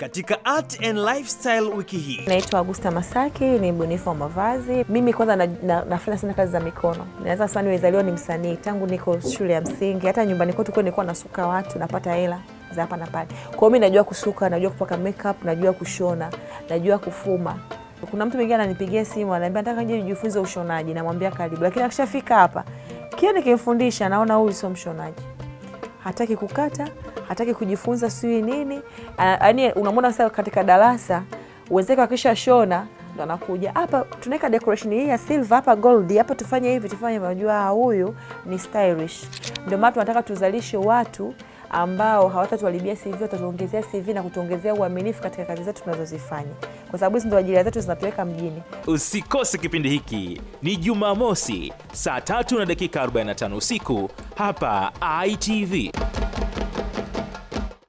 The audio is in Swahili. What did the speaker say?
katika Art and Lifestyle wiki hii. Naitwa Augusta Masaki, ni mbunifu wa mavazi. Mimi kwanza na, na, nafanya sana kazi za mikono. Naweza sana nimezaliwa ni msanii tangu niko shule ya msingi, hata nyumbani kwetu kwa nilikuwa nasuka watu napata hela za hapa na pale. Kwa hiyo mimi najua kusuka, najua kupaka makeup, najua kushona, najua kufuma. Kuna mtu mwingine ananipigia simu ananiambia nataka nje nijifunze ushonaji, namwambia karibu, lakini akishafika hapa kia nikimfundisha naona huyu sio mshonaji hataki kukata, hataki kujifunza sijui nini. Ah, yaani unamwona sasa katika darasa wenzake wakisha shona ndo anakuja hapa, tunaweka decoration hii ya silver hapa, gold hapa, tufanye hivi tufanye, unajua huyu ni stylish. Ndio maana tunataka tuzalishe watu ambao hawatatuharibia CV, watatuongezea CV na kutuongezea uaminifu katika kazi zetu tunazozifanya, kwa sababu hizi ndo ajira zetu zinatuweka mjini. Usikose kipindi hiki, ni Jumamosi saa tatu na dakika 45 usiku hapa ITV.